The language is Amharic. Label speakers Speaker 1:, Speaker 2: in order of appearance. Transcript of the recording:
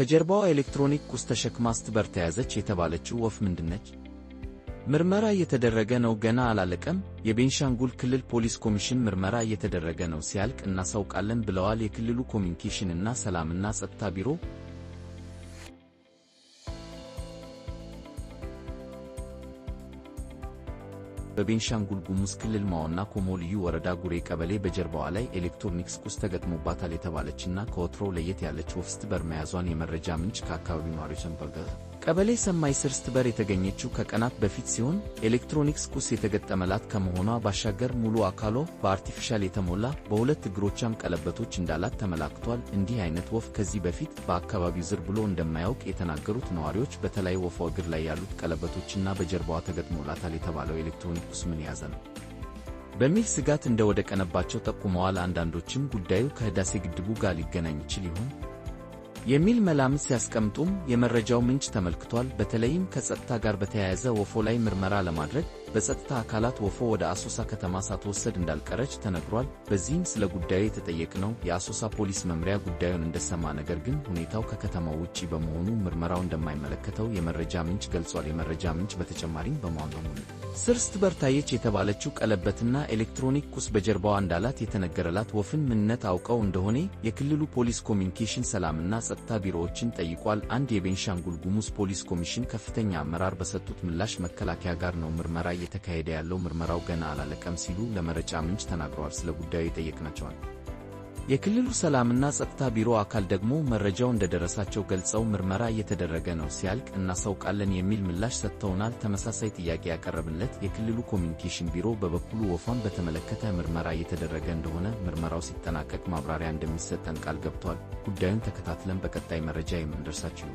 Speaker 1: ከጀርባዋ ኤሌክትሮኒክ ቁስ ተሸክማ ስትበር ተያዘች የተባለችው ወፍ ምንድነች? ምርመራ እየተደረገ ነው፣ ገና አላለቀም። የቤንሻንጉል ክልል ፖሊስ ኮሚሽን ምርመራ እየተደረገ ነው፣ ሲያልቅ እናሳውቃለን ብለዋል የክልሉ ኮሚኒኬሽንና ሰላምና ጸጥታ ቢሮ በቤንሻንጉል ጉሙዝ ክልል ማዋና ኮሞ ልዩ ወረዳ ጉሬ ቀበሌ በጀርባዋ ላይ ኤሌክትሮኒክስ ቁስ ተገጥሞባታል የተባለችና ከወትሮው ለየት ያለች ወፍ ስትበር መያዟን የመረጃ ምንጭ ከአካባቢው ነዋሪዎች ሰንበርገ ቀበሌ ሰማይ ስር ስትበር የተገኘችው ከቀናት በፊት ሲሆን ኤሌክትሮኒክስ ቁስ የተገጠመላት ከመሆኗ ባሻገር ሙሉ አካሏ በአርቲፊሻል የተሞላ በሁለት እግሮቿም ቀለበቶች እንዳላት ተመላክቷል። እንዲህ አይነት ወፍ ከዚህ በፊት በአካባቢው ዝር ብሎ እንደማያውቅ የተናገሩት ነዋሪዎች በተለይ ወፏ እግር ላይ ያሉት ቀለበቶችና በጀርባዋ ተገጥሞላታል የተባለው ኤሌክትሮኒክ ቁስ ምን የያዘ ነው በሚል ስጋት እንደወደቀነባቸው ጠቁመዋል። አንዳንዶችም ጉዳዩ ከህዳሴ ግድቡ ጋር ሊገናኝ ይችል ይሆን የሚል መላምት ሲያስቀምጡም የመረጃው ምንጭ ተመልክቷል። በተለይም ከጸጥታ ጋር በተያያዘ ወፎ ላይ ምርመራ ለማድረግ በጸጥታ አካላት ወፎ ወደ አሶሳ ከተማ ሳትወሰድ እንዳልቀረች ተነግሯል። በዚህም ስለ ጉዳዩ የተጠየቅነው የአሶሳ ፖሊስ መምሪያ ጉዳዩን እንደሰማ፣ ነገር ግን ሁኔታው ከከተማው ውጪ በመሆኑ ምርመራው እንደማይመለከተው የመረጃ ምንጭ ገልጿል። የመረጃ ምንጭ በተጨማሪም በማውደሙን ስር ስትበርታየች የተባለችው ቀለበትና ኤሌክትሮኒክ ቁስ በጀርባዋ እንዳላት የተነገረላት ወፍን ምንነት አውቀው እንደሆነ የክልሉ ፖሊስ ኮሚኒኬሽን ሰላምና ጸጥታ ቢሮዎችን ጠይቋል። አንድ የቤንሻንጉል ጉሙዝ ፖሊስ ኮሚሽን ከፍተኛ አመራር በሰጡት ምላሽ መከላከያ ጋር ነው ምርመራ እየተካሄደ ያለው፣ ምርመራው ገና አላለቀም ሲሉ ለመረጫ ምንጭ ተናግረዋል። ስለ ጉዳዩ የጠየቅናቸዋል። የክልሉ ሰላምና ጸጥታ ቢሮ አካል ደግሞ መረጃው እንደደረሳቸው ገልጸው ምርመራ እየተደረገ ነው፣ ሲያልቅ እናሳውቃለን የሚል ምላሽ ሰጥተውናል። ተመሳሳይ ጥያቄ ያቀረብንለት የክልሉ ኮሚኒኬሽን ቢሮ በበኩሉ ወፏን በተመለከተ ምርመራ እየተደረገ እንደሆነ፣ ምርመራው ሲጠናቀቅ ማብራሪያ እንደሚሰጠን ቃል ገብቷል። ጉዳዩን ተከታትለን በቀጣይ መረጃ የምንደርሳችሁ